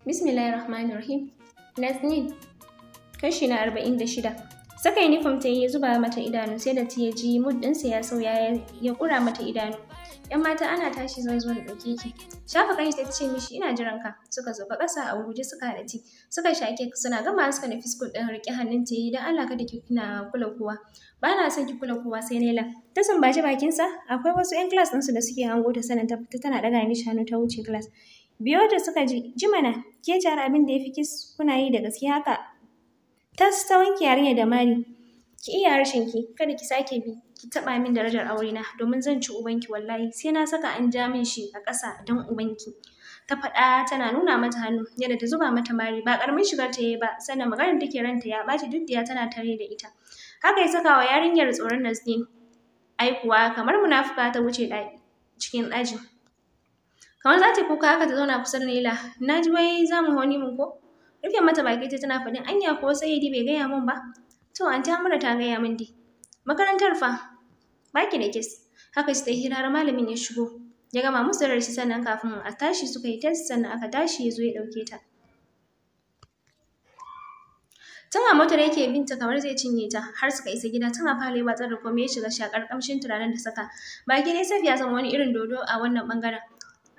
Bismillahirrahmanirrahim. Nazni, kashi na arba'in da shida. Saka uniform ta yi zuba mata idanu sai da ta ji mood ya sauya ya kura mata idanu. ‘Yan mata ana tashi zan zo da ɗauke ki. Shafa kai ta ce mishi ina jiran ka. Suka zuba ƙasa a guje suka haɗa ci. Suka shake suna gama suka nufi school ɗin riƙe hannun ta yi don Allah kada ki na kula kowa. Ba na son ki kula kowa sai Naila. Ta bakin bakinsa akwai wasu ‘yan class ɗinsu da suke hango ta sanin ta fita tana ɗaga mishi hannu ta wuce class. biyo da suka ji mana, ke jar abin da ya fi kis kuna yi da gaske haka tas ta wanke yarinya da mari ki iya harshen ki kada ki sake bi ki taba min darajar aure na domin zan ci ubanki wallahi sai na saka an ja min shi a ƙasa don ubanki ta faɗa tana nuna mata hannu yadda ta zuba mata mari ba ƙaramin shigar ta yi ba sannan maganar take ranta ya ɓaci duddiya tana tare da ita haka ya saka wa yarinyar tsoron nasdin ai kuwa kamar munafuka ta wuce cikin ɗaji kamar za ta kuka haka ta zauna kusa da Laila na ji wai za mu hau mun ko rufe mata baki ta tana faɗin anya ko sai bai gaya min ba to an ta mura ta gaya min dai makarantar fa baki da kis haka ta hira har malamin ya shigo ya gama musu rarsi sannan kafin a tashi suka yi test sannan aka tashi ya zo ya ɗauke ta tana motar yake binta kamar zai cinye ta har suka isa gida tana fara yi ba da komai ya shiga shakar kamshin turaren da saka baki dai safiya zama wani irin dodo a wannan bangaren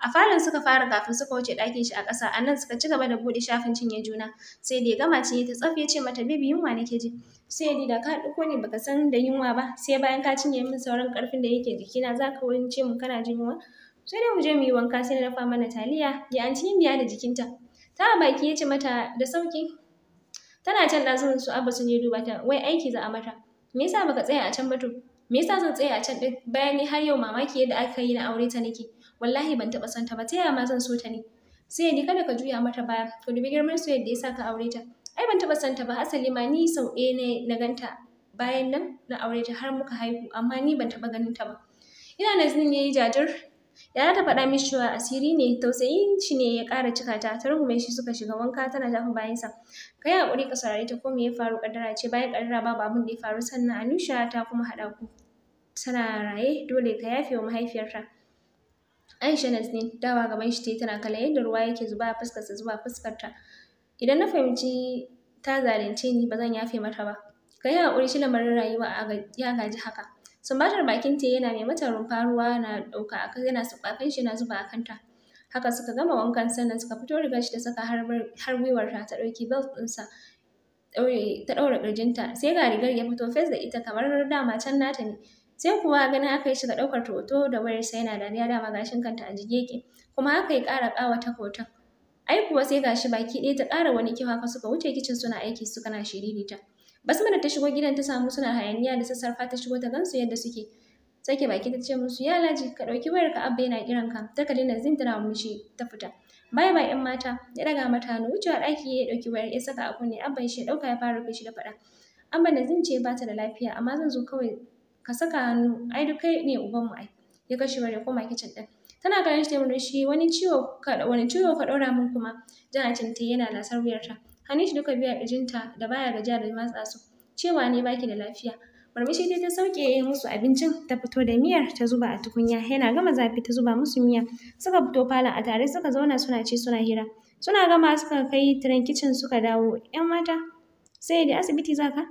A falon suka fara kafin suka wuce ɗakin shi a ƙasa, a nan suka ci gaba da buɗe shafin cinye juna. Sai da ya gama cinye ta tsaf ya ce mata bibi yunwa nake ji. Sai ya da ka ɗauko ne baka san da yunwa ba, sai bayan ka cinye min sauran ƙarfin da yake jikina za ka wurin ce mu kana jin yunwa. Sai dai mu je mu yi wanka sai na dafa mana taliya, ya an ci miya da jikinta. Ta baki ya ce mata da sauki. Tana can na ɗazurin su Abba sun yi duba ta, wai aiki za a mata. Me yasa baka tsaya a can ba to? Me yasa zan tsaya a can ɗin bayan ni har yau mamaki yadda aka yi na aure ta nake? wallahi ban taɓa son ta ba Taya ma zan so ta ne sai ni kada ka juya mata baya ka dubi girman su yadda ya sa ka aure ta ai ban taɓa son ta ba asali ma ni sau ɗaya ne na ganta bayan nan na aure ta har muka haihu amma ni ban taɓa ganin ta ba ina nazinin yi jajir Yara ta faɗa mishi cewa asiri ne, tausayin shi ne ya ƙara cika ta, ta rungume shi suka shiga wanka tana bayan bayansa. Ka yi haƙuri ka saurari ta ko me ya faru ƙaddara ce bayan ƙaddara babu abin da ya faru sannan Anusha ta kuma haɗa ku. Tana raye dole ka yafe wa mahaifiyarta. Aisha Nazni dawa gaban shi tayi tana kallon yadda ruwa yake zuba a fuskarsa zuwa fuskarta. Idan na fahimci ta zalunce ni ba zan yafe mata ba. Ka yi haƙuri shi lamarin rayuwa ya gaji haka. Sumbatar bakin ta yana mai mata rumfa ruwa na ɗauka a yana shi yana zuba a kanta. Haka suka gama wankan sannan suka fito riga shi da saka har gwiwarta ta ɗauki belt ɗinsa. ta ɗaura kirjinta sai ga rigar ya fito fes da ita kamar dama can nata ne sai kuwa ganin aka yi shiga ɗaukar hoto da wayarsa yana dariya dama gashin kanta a jige yake kuma aka yi ƙara ta hoton ai kuwa sai gashi baki ɗaya ta ƙara wani kyau ka suka wuce kicin suna aiki suka na shiririta mana ta shigo gidan ta samu suna hayaniya da sassarfa ta shigo ta gansu yadda suke sake baki ta ce musu ya laji ka ɗauki wayar ka abba yana kiran ka ta kalli na tana mishi ta fita baya ba yan mata ya daga mata hannu wucewa ɗaki ya ɗauki wayar ya saka a kunne abban shi ya ɗauka ya fara kai shi da faɗa abba na zin ce ba da lafiya amma zan zo kawai ka saka hannu ai duk kai ne ubanmu ai ya kashe ko koma kicin ɗin tana ganin shi mun shi wani ciwo ka wani ciwo ka mun kuma jana cinta eh, yana lasar wuyar ta. shi duka biya ijinta da baya gajiya da matsa su cewa ne baki da lafiya Murmushi dai ta sauke musu abincin ta fito da miyar ta zuba a tukunya yana gama zafi ta zuba musu miya suka fito falon a tare suka zauna suna ci suna hira suna gama suka kai tiran kicin suka dawo yan mata sai da asibiti zaka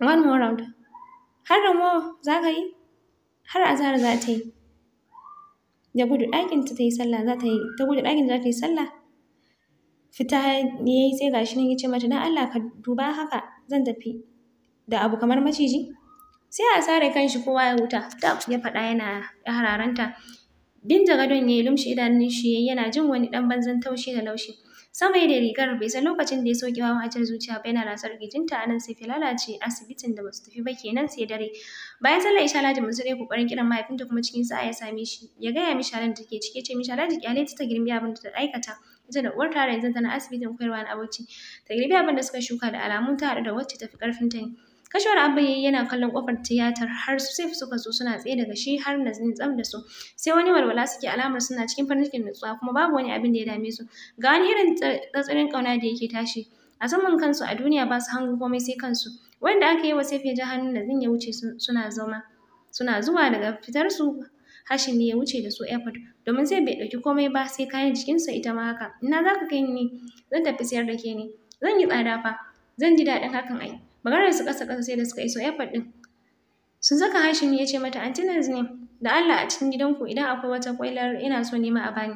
one more round Har ramo za ka yi? Har za ta yi. Da gudu ɗakin ta yi sallah za ta yi, ta gudu ɗakin za ta yi sallah. Fita ne ya yi sai gashi nan ya ce mata don Allah ka duba haka zan tafi da abu kamar maciji. Sai a sare kanshi kowa ya huta, ta ya faɗa yana ya hararanta. Binta gadon ya yi lumshi idanun shi yana jin wani ɗan banzan taushi da laushi. Sama da rigar bai san lokacin da ya soke wa mahaifiyar zuciya ba yana rasar gijinta a nan sai ta lalace asibitin da basu tafi ba kenan sai dare. Bayan sallar isha Alhaji Mansur ya kokarin kiran mahaifinta kuma cikin sa'a ya same shi. Ya gaya mishi halin da take ciki ce mishi Alhaji kyale ta girbi abin da ta aikata. Ita da uwar tare yanzu tana asibitin koyarwa na Bauchi. Ta girbi abin da suka shuka da alamun ta haɗu da wacce tafi karfin ta ne. kashewar abba yayi yana kallon kofar tiyatar har su sai suka zo suna tsaye daga shi har nazin tsam da su sai wani walwala suke alamar suna cikin farin cikin nutsuwa kuma babu wani abin da ya dame su ga wani irin tsatsarin kauna da yake tashi a saman kansu a duniya ba su hango komai sai kansu wanda aka yi wa sai ya ji hannun nazin ya wuce suna zama suna zuwa daga fitar su hashin ne ya wuce da su airport domin sai bai ɗauki komai ba sai kayan jikinsa ita ma haka. Ina za ka kai ni? Zan tafi siyar da ke ni. Zan yi tsada fa. Zan ji daɗin hakan ai. maganar su ƙasa ƙasa sai da suka iso airport ɗin sun saka hashimi ya ce mata anti ne da Allah a cikin gidanku idan akwai wata kwailar ina so nema a bani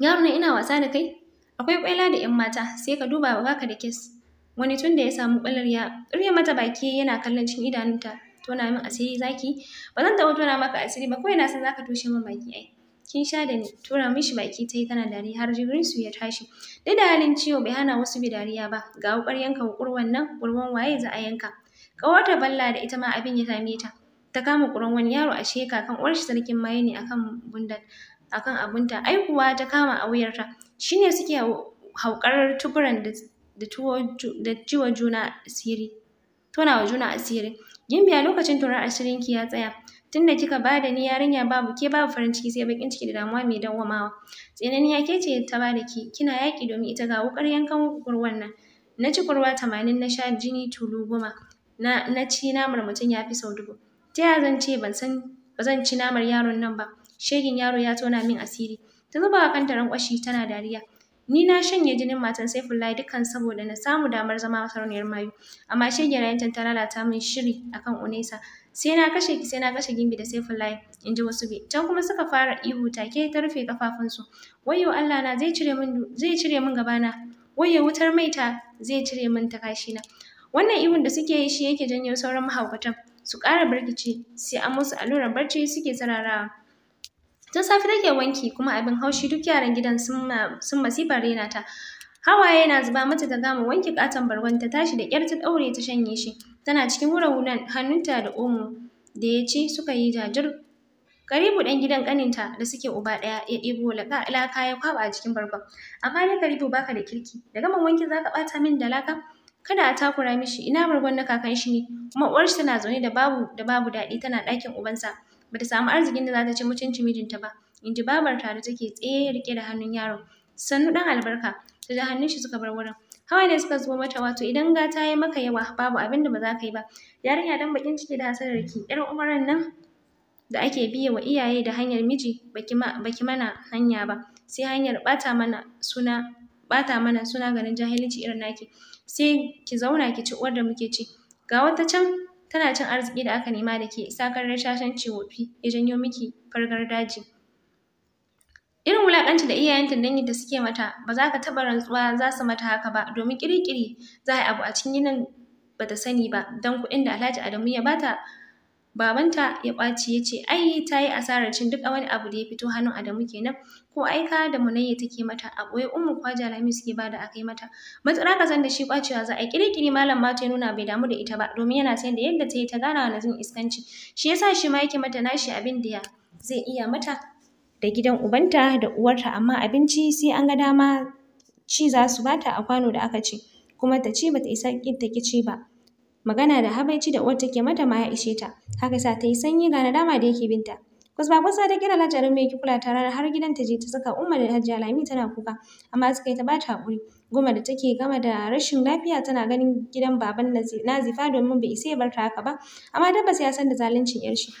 yaro na ina wasa da kai akwai kwaila da yan mata sai ka duba ba baka da kes wani tun da ya samu kwailar ya rufe mata baki yana kallon cikin idanunta tona min asiri zaki ba zan taɓa tona maka asiri ba kawai na san zaka toshe min baki ai kin sha da ni tura mishi baki ta yi tana dariya har su ya tashi duk da halin ciwo bai hana wasu bi dariya ba ga wukar yanka kurwan nan kurwan waye za a yanka ƙawarta balla da ita ma abin ya same ta ta kama kurwan wani yaro a sheka kan uwar shi sarkin maye ne akan bundan akan abunta ai kuwa ta kama a wuyarta shine suke haukar tuburan da da ciwo juna asiri tona wa juna asiri gimbiya lokacin turar asirinki ya tsaya tunda kika bada ni yarinya babu ke babu farin ciki sai bakin ciki da damuwa mai dawwamawa tsinaniya ke ce ta bada ki kina yaki domin ita ga wukar yankan kurwan nan na ci kurwa tamanin na sha jini tulu goma na na ci namar mutum ya fi sau dubu ta ya zan ce ban san ba zan ci namar yaron nan ba shegin yaro ya tona min asiri ta zuba wa kanta kwashi tana dariya Ni na shanye jinin matan Saifullahi dukkan saboda na samu damar zama sarauniyar mayu. Amma shegerayen ta lalata min shiri akan Unesa. Sai na kashe ki sai na kashe gimbi da Saifullahi in ji wasu bi. Can kuma suka fara ihu take ta rufe kafafunsu. Wayo Allah na zai cire min zai cire min gabana. Wayo wutar maita zai cire min ta na? Wannan ihun da suke yi shi yake janyo sauran mahaukatan. Su ƙara barkici, sai an musu allurar barci suke sararawa. Tun safe take wanki kuma abin haushi duk yaran gidan sun masifar rena ta. Hawaye na zuba mata ta gama wanki katon bargon ta tashi da ƙyar ta ɗaure ta shanye shi. Tana cikin wura wunan hannunta da omo da ya ce suka yi jajir. Karibu ɗan gidan ƙaninta da suke uba ɗaya ya ɗebo laka ya kwaɓa a jikin bargon. Amma dai Karibu baka da kirki. Da gama wanki za ka ɓata min da laka? kada a takura mishi ina bargon na kakan shi ne kuma uwar tana zaune da babu da babu daɗi tana ɗakin ubansa bata samu arzikin da za ta ci mutunci mijinta ba in ji babarta da take tsaye rike da hannun yaron sannu dan albarka ta da hannun shi suka bar wurin hawa ne suka zuba mata wato idan gata ya maka yawa babu abin da ba za ka yi ba yarinya dan bakin ciki da hasarar ki yar umaran nan da ake biye wa iyaye da hanyar miji baki mana hanya ba sai hanyar bata mana suna bata mana suna ganin jahilci irin naki sai ki zauna ki ci uwar da muke ci ga wata can Tana cin arziki da aka nema da ke sakarar shashanci ciwofi ya janyo miki fargar daji. Irin wulaƙanci da iyayenta ta suke mata ba za ka taɓa rantsuwa za su mata haka ba domin ƙiri-ƙiri za a yi abu a cikin yinin ba ta sani ba don kuɗin da Alhaji Adamu ya bata Babanta ya ƙwace ya ce, ai ta yi asarar cin duk wani abu da ya fito hannun Adamu kenan, ko ai ka da Munayya take mata, a ɓoye Ummu Kwaja Lami suke bada a kai mata. Matsara ka san da shi ƙwacewa za a ƙirƙiri malam ma ta nuna bai damu da ita ba, domin yana sayar da yadda ta yi ta gana wa Nazim iskanci. Shi yasa shi ma yake mata nashi abin da zai iya mata da gidan ubanta da uwarta, amma abinci sai an ga dama ci za su bata a kwano da aka ce, kuma ta ci bata isa ƙin ta ci ba. Magana da habaici da uwar take mata ma ya ishe ta, haka sa ta yi sanyi ga nadama da yake binta. Kusba kusa ta kira lajarin mai kula ta rana har gidan ta je ta saka Umma da Hajiya Lami tana kuka, amma suka yi ta bata haƙuri. Goma da take gama da rashin lafiya tana ganin gidan baban Nazifa domin bai isa ya bar ta haka ba, amma tabbas ya san da zaluncin 'yar shi.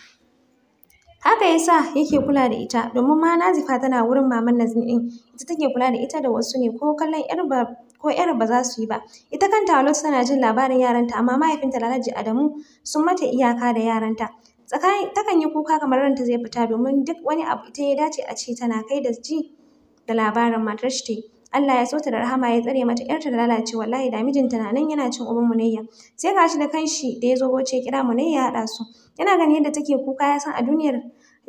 Haka ya sa yake kula da ita, domin ma Nazifa tana wurin maman nazin ɗin, ita take kula da ita da wasu ne ko kallon 'yar ko ƴar ba za su yi ba ita kanta Alot tana jin labarin yaranta amma mahaifinta Lalaji Adamu sun mata iyaka da yaranta takan yi kuka kamar ranta zai fita domin duk wani abu ita ya dace a ce tana kai da ji da labarin matar shi ta yi Allah ya so da rahama ya tsare mata yarta da lalace wallahi da mijinta na nan yana cin uban munayya sai shi da kanshi da ya zo goce kira munayya ya haɗa su yana ganin yadda take kuka ya san a duniyar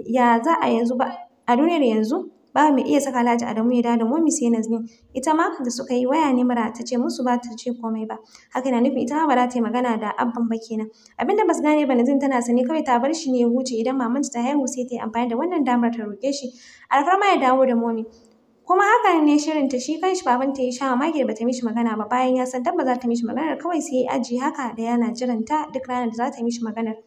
ya za a yanzu ba a duniyar yanzu ba mai iya saka Alhaji Adamu ya dawo da Momi sai na zini ita ma da suka yi waya ne mara ta ce musu ba ta ce komai ba haka na nufin ita ma ba za ta yi magana da abban ba kenan abinda basu gane ba Nazin tana sani kawai ta bar shi ne ya huce idan mamanta ta haihu sai ta yi amfani da wannan damar ta roke shi alfarma ya dawo da Momi kuma haka ne shirin ta shi kan shi babanta ya sha mamaki da bata mishi magana ba bayan ya san tabbas za ta mishi maganar kawai sai ya ajiye haka da yana jiranta duk ranar da za ta mishi maganar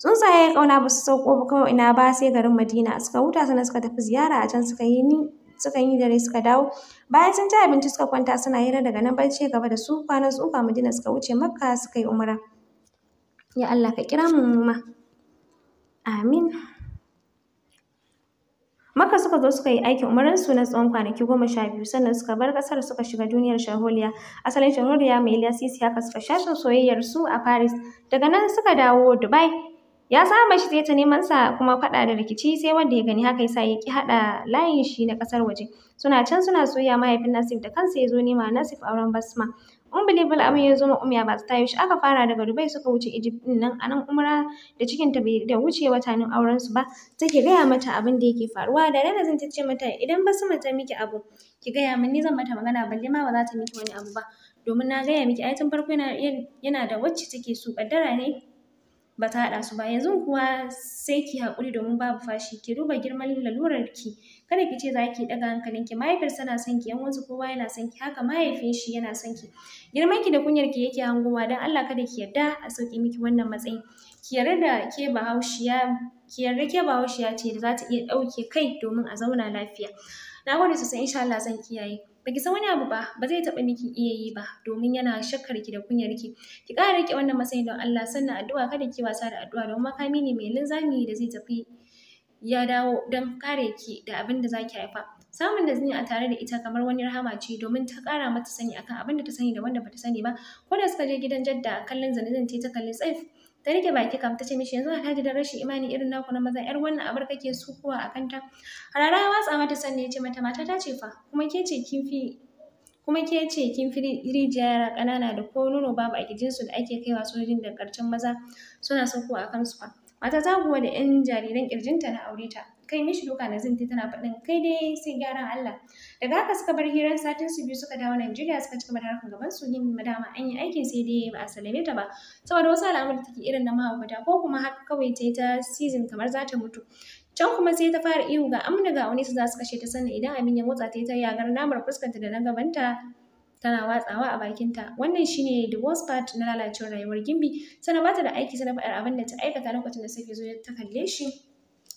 tsuntsaye ƙauna ba su sauko ba kawai ina ba sai garin madina suka huta sannan suka tafi ziyara a can suka yi ni suka yi dare suka dawo bayan sun ci abinci suka kwanta suna hira daga nan barci gaba da su kwanan su uka madina suka wuce makka suka yi umra ya Allah ka kira mu ma amin Maka suka zo suka yi aikin su na tsawon kwanaki goma sha biyu sannan suka bar kasar suka shiga duniyar shaholiya. Asalin shaholiya mai liyasisi haka suka shashin su a Paris. Daga nan suka dawo Dubai ya saba shi zai ta neman sa kuma faɗa da rikici sai wanda ya gani haka yasa ya ki haɗa layin shi na kasar waje suna can suna soya mahaifin Nasif da kansa ya zo nema Nasif auren Basma unbelievable abin ya zo ma umya ba ta shi aka fara daga Dubai suka wuce Egypt din nan anan umra da cikin ta da wuce watanin auren su ba take gaya mata abin da yake faruwa da Rana zan tace mata idan su ta miki abu ki gaya min ni zan mata magana balle ma ba za ta miki wani abu ba domin na gaya miki ai tun farko yana da wacce take so kaddara ne ba ta haɗa su ba yanzu kuwa sai ki haƙuri domin babu fashi ki duba girman lalurar ki kada ki ce za ki ɗaga hankalin ki mahaifiyarsa sana son ki yan wasu kowa yana son ki haka mahaifin shi yana son ki girman ki da kunyar ki yake hangowa don Allah kada ki yarda a sauƙi miki wannan matsayin ki yarda da ke bahaushiya ki yarda ke bahaushiya ce da za ta iya ɗauke kai domin a zauna lafiya na gode sosai insha Allah zan kiyaye baki san wani abu ba ba zai taɓa miki iya yi ba domin yana shakkar ki da kunyar ki ki ƙara rike wannan matsayin don Allah sannan addu'a kada ki wasa da addu'a don makami ne mai linzami da zai tafi ya dawo don kare ki da abin da zaki haifa samun da a tare da ita kamar wani rahama ce domin ta kara mata sani akan abin da ta sani da wanda bata sani ba ko da suka je gidan jadda kallon zanizan zance ta kalli tsaif ta rike baki kam ta ce mishi yanzu alhaji da rashin imani irin naku na maza yar wannan abar kake sukuwa a kanta harara ya watsa mata sannan ya ce mata mata ta ce fa kuma ke ce kin fi kuma ke ce kin fi rijiya yara ƙanana da ko nono babu a su da ake kaiwa sojojin da ƙarshen maza suna saukowa a kansu fa mata ta kuwa da 'yan jariran ƙirjinta na aure ta kai mishi duka na zinti tana faɗin kai dai sai gyaran Allah daga haka suka bar hirar satin su biyu suka dawo Najeriya suka cika da gaban su yin madama an yi aikin sai dai ba a salame ta ba saboda wasu ta take irin na mahaukata ko kuma haka kawai ta yi ta season kamar za ta mutu can kuma sai ta fara ihu ga amna ga wani su za su kashe ta sannan idan amin ya motsa ta yi ta yagar namar fuskanta da na gaban ta tana watsawa a bakinta wannan shine the worst part na lalacewar rayuwar gimbi sannan bata da aiki sana faɗar abin da ta aikata lokacin da sai zo ta kalle shi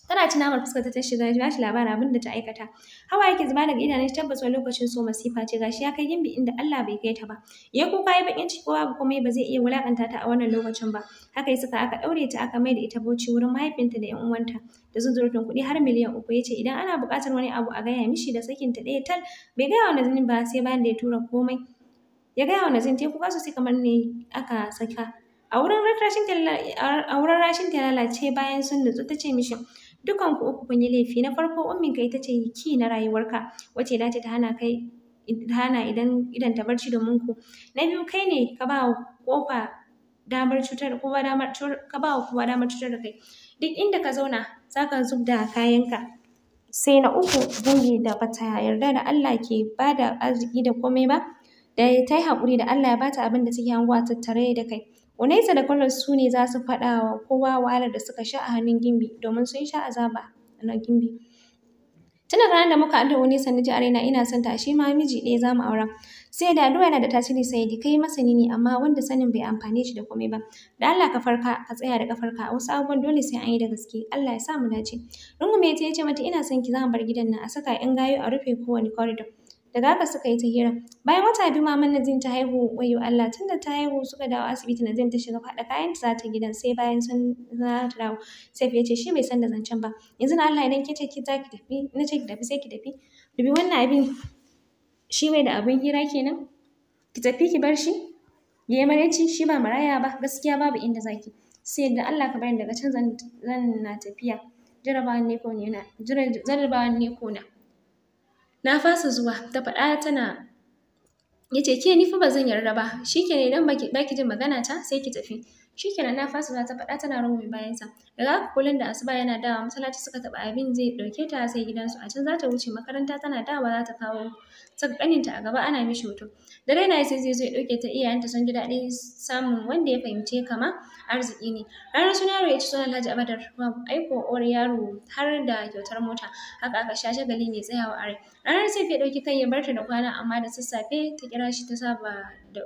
tana tuna mar fuskar ta shiga ya shi labarin abin da ta aikata hawa yake zuba daga idanun shi tabbas wani lokacin so masifa ce gashi ya kai gimbi inda Allah bai kai ta ba ya kuka ya bakin ciki ba komai ba zai iya wulakanta ta a wannan lokacin ba haka ya saka aka daure ta aka da ita bauchi wurin mahaifinta da yan uwanta da zunzurutun kuɗi har miliyan uku ya ce idan ana buƙatar wani abu a gaya mishi da ta ɗaya tal bai gaya wa Nazin ba sai bayan da ya tura komai ya gaya wa Nazin ta kuka sai kamar ne aka saka a wurin rashin ta lalace bayan sun nutsu ta mishi dukan ku uku kun yi laifi na farko ka ita ce ki na rayuwarka wace dace ta hana kai hana idan idan ta barci domin ku na biyu kai ne ka ba kofa damar cutar kowa damar ka ba kowa damar cutar da kai duk inda ka zauna zaka zub da kayanka sai na uku gungi da bata yarda da Allah ke bada arziki da komai ba da ta yi haƙuri da Allah ya bata abin da take hangowa tattare da kai Unaisa da kwallon su ne za su faɗa wa kowa wahalar da suka sha a hannun Gimbi domin sun sha azaba na Gimbi. Tun ranar da muka adda Unaisa na ji a ina son ta shi ma miji ɗaya za mu aura. Sai da addu'a yana da tasiri sai da kai masani ne amma wanda sanin bai amfane shi da komai ba. Da Allah ka farka ka tsaya da kafarka a wasu abubuwan dole sai an yi da gaske Allah ya sa mu dace. Rungume ya ce mata ina son ki za mu bar gidan nan a saka 'yan gayu a rufe kowane corridor. daga haka suka yi ta hira bayan wata biyu maman Nazin ta haihu wayo Allah tunda ta haihu suka dawo asibiti Nazin ta shiga faɗa kayan ta zata gidan sai bayan sun za ta dawo sai ya ce shi bai san da zancen ba yanzu na Allah idan ke ki za ki tafi na ce ki tafi sai ki tafi dubi wannan abin shi mai da abin hira kenan ki tafi ki bar shi ya yi maraici shi ba maraya ba gaskiya babu inda zaki sai da Allah ka bari daga can zan na tafiya jarabawan ne ko ne na jarabawan ne ko na na fasa zuwa ta faɗa tana ya ke ni fa ba zan yarda ba shikenan idan baki jin magana ta sai ki tafi shikenan na fasa ta faɗa tana bayan bayansa daga haka kullum da asuba yana dawa masallaci suka taɓa abin zai ɗauke ta sai gidansu a can za ta wuce makaranta tana dawa za ta kawo ta a gaba ana mishi hoto da raina sai zai zo ya dauke ta iyayenta sun ji daɗin samun wanda ya fahimce kama arziki ne ranar suna yaro ya ci sunan alhaji abadar aiko or yaro har da kyautar mota haka aka sha shagali ne tsayawa are ranar sai ya dauki kai ya barta da kwana amma da sassafe ta kira shi ta saba da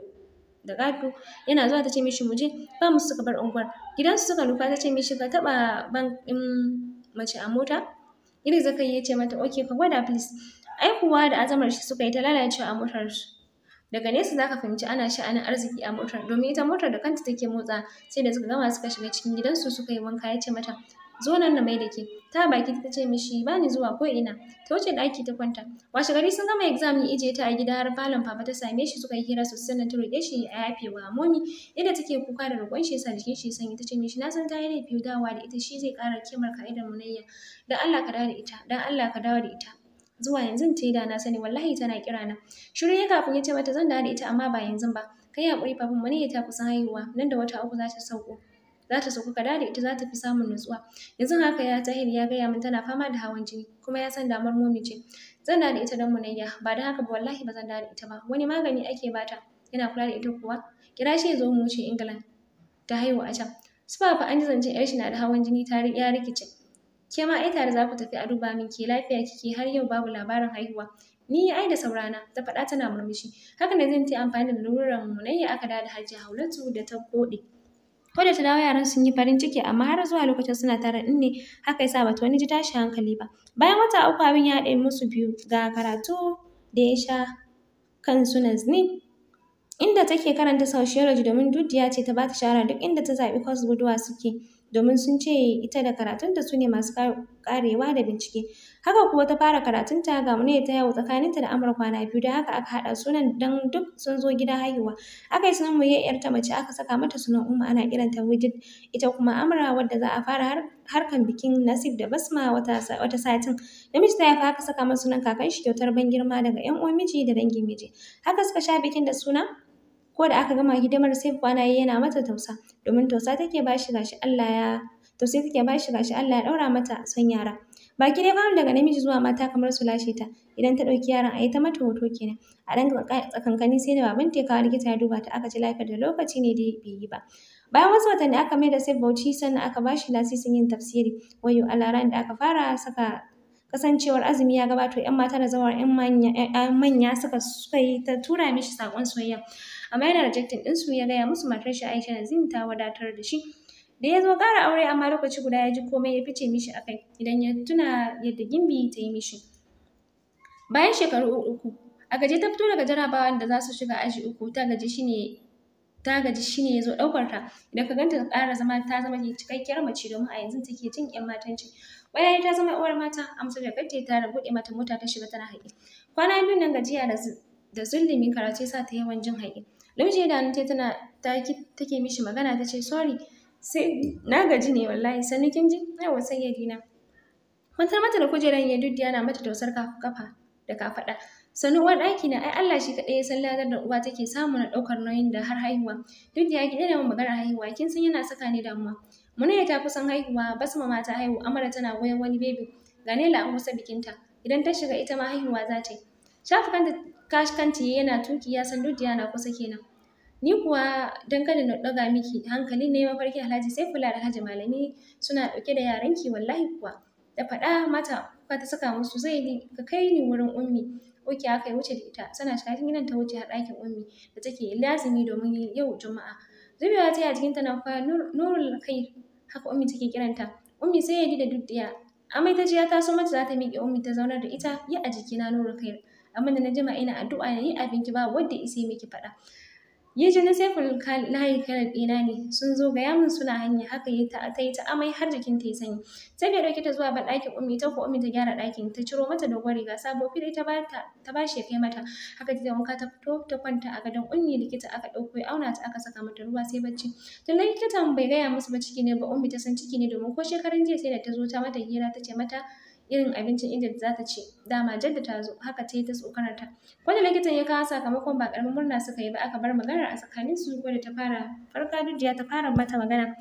da gado yana zuwa ta ce mishi muje ba mu suka bar unguwar su suka nufa ta ce mishi ka taɓa ban mace a mota iri zaka yi ce mata okay ka gwada please ai kuwa da azamar shi suka yi ta lalacewa a motar su daga nesa zaka fahimci ana sha'anin arziki a motar domin ita motar da kanta take motsa sai da suka gama suka shiga cikin gidansu suka yi wanka yace mata zo nan na mai da ke ta baki ta ce mishi ba ni zuwa ko ina ta wuce ɗaki ta kwanta washe gari sun gama exam ni ije ta a gida har falon papa ta same shi suka yi hira sosai sanna ta roƙe shi a yafewa momi yadda take kuka da roƙon shi yasa jikin shi sanyi ta ce mishi na san ta yi laifi dawa da ita shi zai kara kimar ka'idar munayya dan Allah ka dawo da ita dan Allah ka dawo da ita zuwa yanzu ta yi da na sani wallahi tana kira na shiru ya kafin ya ce mata zan dawo da ita amma ba yanzu ba kai hakuri fafin munayya ta kusan haihuwa nan da wata uku za ta sauko za ta sauka da ita za ta fi samun nutsuwa yanzu haka ya tahir ya gaya min tana fama da hawan jini kuma ya san damar momi ce zan da ita don munayya ba da haka ba wallahi ba zan da ita ba wani magani ake bata yana kula da ita kuwa kira shi ya zo mu wuce England ta haihu a can su fa an ji zance yar shi na da hawan jini ta ya rikice ke ma ai tare za ku tafi a duba min ke lafiya kike har yau babu labarin haihuwa ni ai da saurana ta faɗa tana murmushi haka ne zan ta amfani da lururan munayya aka da da hajji haulatu da ta koɗe ko da ta dawo yaran sun yi farin ciki amma har zuwa lokacin suna tara din ne haka yasa bata wani ji tashi hankali ba bayan wata uku abin ya haɗe musu biyu ga karatu da ya sha kan suna zini inda take karanta sociology domin Dudiya ce ta bata shara duk inda ta zaɓi kwas guduwa suke domin sun ce ita da karatunta su ne masu karewa da bincike. Haka kuwa ta fara karatunta ga ne ta yau tsakaninta da Amurka na biyu da haka aka haɗa sunan dan duk sun zo gida haihuwa. Aka yi sunan mu yayar ta mace aka saka mata sunan Umma ana kiran ta Wujid ita kuma Amra wadda za a fara harkan bikin Nasib da Basma wata wata satin. Namiji ta yafa aka saka masa sunan kakan shi kyautar ban girma daga 'yan uwan miji da dangin miji. Haka suka sha bikin da suna ko da aka gama hidimar sai kwana yana mata tausa domin tausa take bashi gashi Allah ya tausa take shi gashi Allah ya daura mata son yara baki dai bamu daga namiji zuwa mata kamar su lashe ta idan ta dauki yaran a yi ta mata hoto kenan a ɗan tsakankani sai da baban ta kawo likita ya duba ta aka ji lafiyar da lokaci ne dai bai yi ba bayan wasu watanni aka mai da sai bauchi sannan aka ba shi lasisin yin tafsiri wayo alaran da aka fara saka kasancewar azumi ya gabato 'yan mata da zawar 'yan manya suka yi ta tura mishi sakon soyayya amma yana din su ya gaya musu matar shi Aisha zin ta wadatar da shi. Da ya zo ƙara aure amma lokaci guda ya ji komai ya fice mishi akai idan ya tuna yadda Gimbi ta yi mishi. Bayan shekaru uku, a gaje ta fito daga jarabawan da za su shiga aji uku ta gaji shine ta gaji shine ya zo ɗaukar ta idan ka ganta ƙara zama ta zama cikakkiyar mace domin a yanzu take jin ƴan matanci bayan ta zama uwar mata amsa da kanta ta rabu buɗe mata mota ta shiga tana haƙi kwana biyu nan gajiya da zulumi zullumin karatu sa ta yawan jin haƙi lamshe idanun ta tana take mishi magana ta ce sorry sai na gaji ne wallahi sannu kin ji yawa sayyadi na kwantar mata da kujeran ya duddi yana mata tausar kafa da kafaɗa sannu uwar ɗaki na ai Allah shi kaɗai ya san ladar da uwa take samu na ɗaukar nauyin da har haihuwa duk da ya gida mun magana haihuwa kin san yana saka ni damuwa munaya ta kusan haihuwa Bas ma mata haihu amara tana goyon wani bebi ganela an kusa bikinta idan ta shiga ita ma haihuwa za ta yi shafukan kashi kanta yana tuki ya san duk na kusa kenan Ni kuwa don kada na ɗaga miki hankali ne mafarki Alhaji sai da Haji Malami suna ɗauke da yaranki wallahi kuwa. Da faɗa mata kuka ta saka musu zai ni ka kai ni wurin ummi. Oke aka yi wuce da ita sana shiga cikin gidan ta wuce har ɗakin ummi da take lazimi domin yau juma'a. Zubewa ta yi a jikinta na kuwa nurul kai haka ummi take kiranta. Ummi sai ya ji da duddiya. Amai ta so ya taso mata za ta miƙe ummi ta zaunar da ita yi a jikina nurul kai. Amma da na jima ina addu'a na yi abinki ba wadda isi miki faɗa. ya ji na saifin layi kan ɗina ne sun zo gaya min suna hanya haka yi ta ta yi ta amai har jikin ta yi sanyi sai bai ɗauki ta zuwa ba ɗakin ummi ta ko ummi ta gyara ɗakin ta ciro mata dogon riga sabo fili ta ba ta bashi ya kai mata haka ta wanka ta fito ta kwanta a gadon ummi likita aka ɗauko ya auna ta aka saka mata ruwa sai bacci to likitan bai gaya musu ba ciki ne ba ummi ta san ciki ne domin ko shekaran jiya sai da ta zo ta mata hira ta ce mata irin abincin inda za ta ce, dama jadda ta zo, haka ta yi ta tsokanar ta. Wanda likitan ya kawo sakamakon ba karamin murna suka yi ba aka bar magana a tsakanin su da ta fara farka dujiya ta fara mata magana.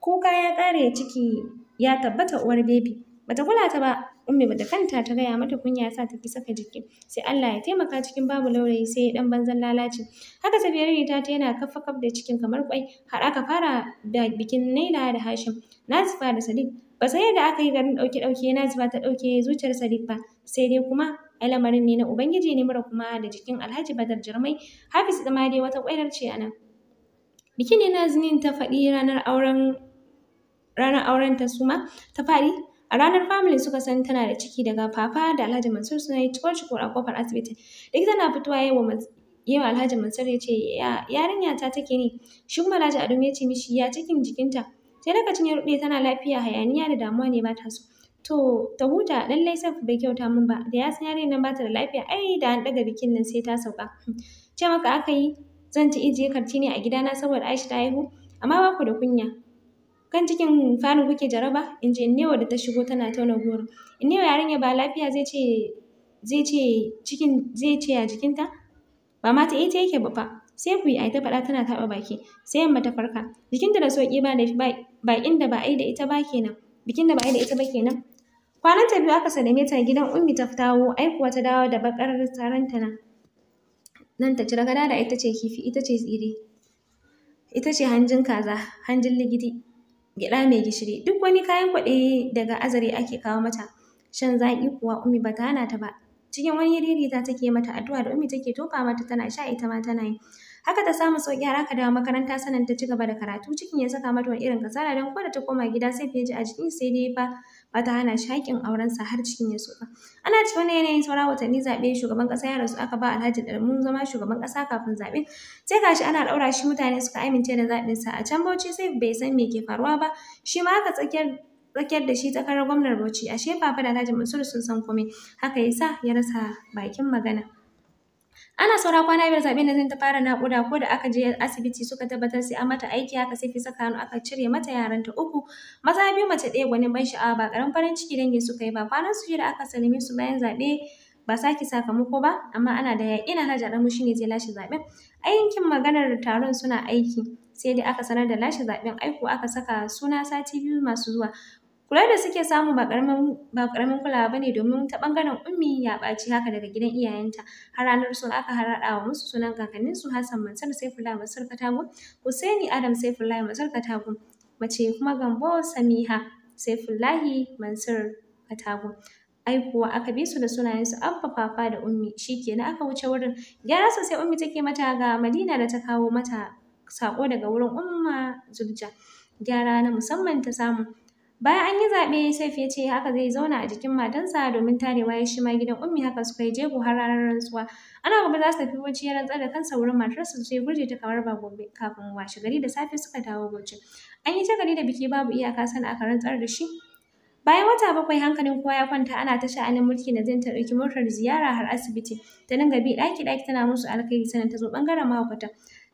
Kuka ya kare ciki ya tabbata uwar bebi. Bata kula ta ba, ummi da kanta ta gaya mata kunya sa ta ki saka jiki. Sai Allah ya taimaka cikin babu laurayi sai ya dan banzan lalaci. Haka tafiyar ta ta yana kafa kaf da cikin kamar kwai har aka fara da bikin Naila da Hashim. Nasifa da Sadiq ba sai yadda aka yi garin ɗauke ɗauke zuba ta ɗauke zuciyar Sadiq ba sai dai kuma al'amarin ne na ubangiji ne mara kuma da jikin Alhaji Badar Jarmai Hafiz ma dai wata ƙwayar ce a biki ne Zinin ta faɗi ranar auren ranar auren ta suma ta faɗi a ranar family suka san tana da ciki daga papa da Alhaji Mansur suna yi cikor cikor a kofar asibiti likita na fitowa yi wa yau Alhaji Mansur ya ce yarinya ta take ne shi kuma Alhaji Adamu ya ce mishi ya cikin jikinta sai lokacin ya ruɗe tana lafiya hayaniya da damuwa ne ba ta so to ta huta lallai sai ku bai kyauta min ba da ya san yarin nan ba ta da lafiya ai da an daga bikin nan sai ta sauka ce maka aka yi zan ci ijiye karti ne a gidana saboda Aisha ta haihu amma ba ku da kunya kan cikin farin kuke jaraba in ji Inewa da ta shigo tana tauna goro yaren ya ba lafiya zai ce zai ce cikin zai ce a jikinta ba ma ta ita yake ba fa sai ku yi ai ta faɗa tana taɓa baki sai yamma ta farka jikinta da sauƙi ba da bakin da ba yi da ita ba kenan bikin da ba yi da ita ba kenan kwanan ta biyu aka sallame ta gidan ummi ta fitawo ai kuwa ta dawo da bakar ta nan nan ta cira gada da ita ce kifi ita ce tsire ita ce hanjin kaza hanjin ligidi gida mai gishiri duk wani kayan kuɗi daga azare ake kawo mata shan zaƙi kuwa ummi ba ta hana ta ba cikin wani ririta take mata addu'a da ummi take tofa mata tana sha ita ma tana yi haka ta samu sauki har aka dawo makaranta sanan ta ci gaba da karatu cikin ya saka mata wani irin kasala don kwada ta koma gida sai ta ji a jikin sai dai fa ba ta hana shi haƙƙin auren har cikin ya soka ana ci wannan yanayin saura watanni zabe shugaban kasa ya rasu aka ba Alhaji Dalmun zama shugaban kasa kafin zabe sai gashi ana daura shi mutane suka amince da zabin sa a can Bauchi sai bai san me ke faruwa ba shi ma aka tsakiyar tsakiyar da shi takarar gwamnar Bauchi ashe Baba da Alhaji Mansur sun san komai haka yasa ya rasa bakin magana ana saura kwana biyar zaɓen da zai ta fara naƙuda ko da aka je asibiti suka tabbatar sai an mata aiki haka sai fi saka hannu aka cire mata yaranta uku maza biyu mace ɗaya gwani ban sha'awa ba ƙaramin farin ciki dangin suka yi ba kwanan su da aka sallame su bayan zaɓe ba sake sakamako ba amma ana da na alhaji adamu shine zai lashe zaɓen aikin maganar taron suna aiki sai dai aka sanar da lashe zaɓen aiko aka saka suna sati biyu masu zuwa Kula da suke samu ba ƙaramin kulawa ba ne domin ta ɓangaren ummi ya ɓaci haka daga gidan iyayenta har ranar su aka harhaɗa wa musu sunan kakanninsu Hassan Mansur Saifullahi Mansur Katagum, Husaini Adam Saifullahi Mansur Katagum, mace kuma Gambo Samiha Saifullahi Mansur katagu ai kuwa aka bi su da sunayen su abba fafa da ummi shikenan aka wuce wurin gyara su sai ummi take mata ga madina da ta kawo mata sako daga wurin umma zulja gyara na musamman ta samu Bayan an yi zaɓe Saif ya ce haka zai zauna a jikin matansa domin tarewa ya shi ma gidan ummi haka suka yi jego har ranar rantsuwa. Ana gaba za su tafi wuce ya rantsar da kansa wurin matarsa sai gurje ta kamar ba gobe kafin washe gari da safe suka dawo bacci. An yi shagali da biki babu iyaka sana aka rantsar da shi. Bayan wata bakwai hankalin kowa ya kwanta ana ta sha'anin mulki na zai ta ɗauki motar ziyara har asibiti ta dinga bi ɗaki ɗaki tana musu alkhairi sannan ta zo ɓangaren mahaukata.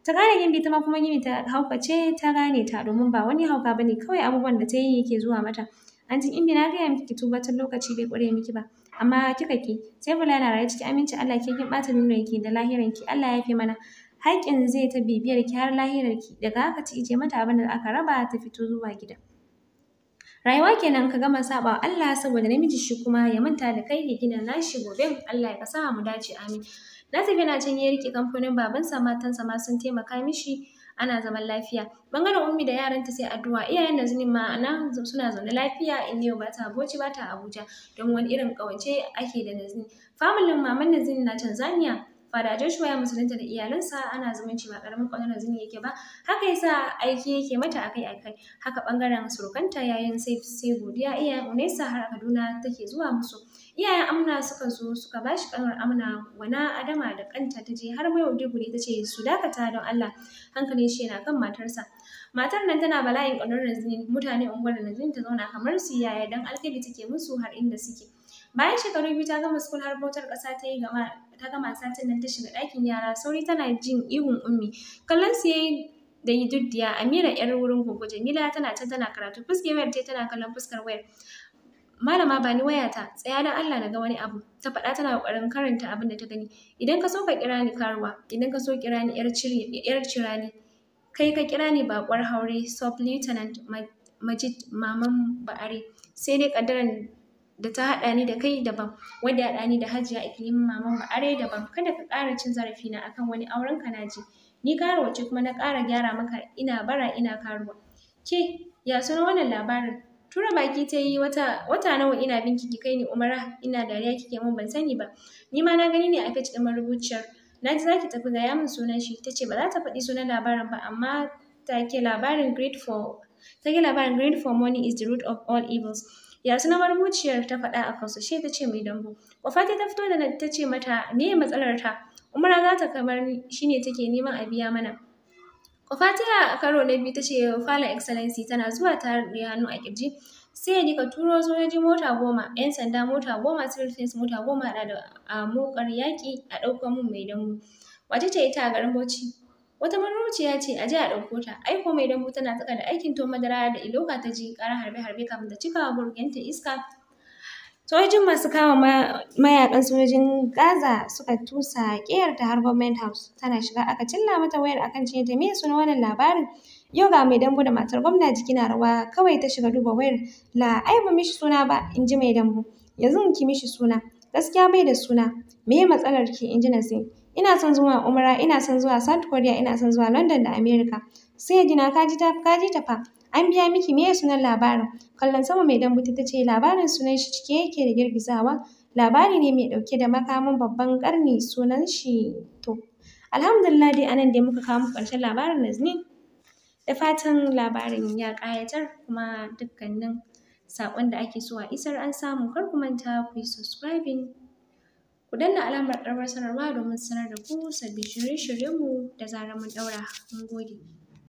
ta gane gimbi ta ma kuma gimbi ta haukace ta gane ta domin ba wani hauka bane kawai abubuwan da ta yi yake zuwa mata an ji imbi na gaya miki ba ta lokaci bai kware miki ba amma kika ki sai yana raye cikin aminci Allah ke kin ɓata nuna yake da lahirin ki Allah ya fi mana haƙƙin zai ta bibiyar ki har lahirar ki daga haka ci ije mata abin da aka raba ta fito zuwa gida rayuwa kenan ka gama saba Allah saboda namiji shi kuma ya manta da kai ya gina nashi gobe Allah ya kasa mu dace amin Latif yana can ya rike kamfanin babansa matansa ma sun taimaka mishi ana zaman lafiya. Bangaren ummi da yaranta sai addu'a iyayen da zuni ma'ana suna zaune lafiya in yau ba ta Bauchi ba ta Abuja don wani irin kawance ake da Nazini. Familin maman Nazini na Tanzania ba da joshua ya musulunta da iyalansa ana zumunci ba karamin ƙaunar zini yake ba. Haka yasa aiki yake mata akai akai. Haka bangaren surukanta yayin sai sai godiya iyayen Unesa har Kaduna take zuwa musu. Iyayen Amna suka zo suka ba shi Amna wana Adama da kanta ta je har mai Duguri ta ce su dakata don Allah hankali shi yana kan matarsa. Matar nan tana bala'in ƙaunar zini mutane unguwar Nazini ta zauna kamar su yaya dan alkhairi take musu har inda suke. bayan shekaru biyu ta gama school har ƙasa ta yi gama ta gama satin nan ta shiga ɗakin yara sauri tana jin ihun ummi kallon su yayi da yi duddiya amira yar wurin gugu jamila tana can tana karatu fuskar wayar ta tana kallon fuskar wayar malama ba ni wayata tsaya don Allah na ga wani abu ta faɗa tana ƙoƙarin karanta abin da ta gani idan ka so ka kira ni karuwa idan ka so kira ni yar cira ni kai ka kira ni baƙwar haure sub lieutenant majid maman ba'ari sai dai ƙaddarar da ta haɗa ni da kai daban wanda ya haɗa ni da hajiya ikilimin maman are daban kada ka ƙara cin zarafi na akan wani auren ka naji ni karuwa wace kuma na ƙara gyara maka ina bara ina karuwa ke ya suna wannan labarin tura baki ta yi wata wata nawa ina bin ki kai ni umara ina dariya kike mun ban sani ba ni ma na gani ne a page din marubuciyar na ji zaki tafi ga yamin sunan shi ce ba za ta faɗi sunan labarin ba amma take labarin great for take labarin great for money is the root of all evils ya suna marmuciyar ta faɗa a kansu shi ta ce mai dambu wafati ta fito da ta ce mata me matsalar ta umara za ta kamar shi ne take neman a biya mana Fatiha a karo na biyu ta ce Fala Excellency tana zuwa ta da hannu a kirji sai ya dika turo ji mota goma, 'yan sanda mota goma, civil mota goma da a mokar yaƙi a ɗaukar mun mai dambu. Wace ce ita a garin Bauchi? Wata marauciya ce a ji a ɗauko ta, ai ko mai dambu tana tsaka da aikin to madara da iloka ta ji ƙarar harbe-harbe kafin ta cika ta iska. Sojojin masu kama mayakan sojojin Gaza suka tusa ƙiyar ta har Government House tana shiga aka cilla mata wayar akan cinye ta me suna wannan labarin. Yau ga mai dambu da matar gwamna jiki na rawa kawai ta shiga duba wayar la ai ba mishi suna ba in ji mai dambu yanzu ki mishi suna gaskiya bai da suna me matsalar ki in ji Nasir. ina son zuwa umra ina son zuwa south korea ina son zuwa london da america sai jina kaji ta kaji ta fa an biya miki meye sunan labarin kallon sama mai dan buti tace labarin sunan shi cike yake da girgizawa labari ne mai dauke da makamin babban karni sunan shi to alhamdulillah dai anan dai muka kawo muku karshen labarin nazni da fatan labarin ya kayatar kuma dukkanin sakon da ake so a isar an samu kar ku manta ku yi Ku danna alamar karbar sanarwa domin sanar da ku sabbin shirye-shiryenmu da zarar mun ɗaura. Mun gode.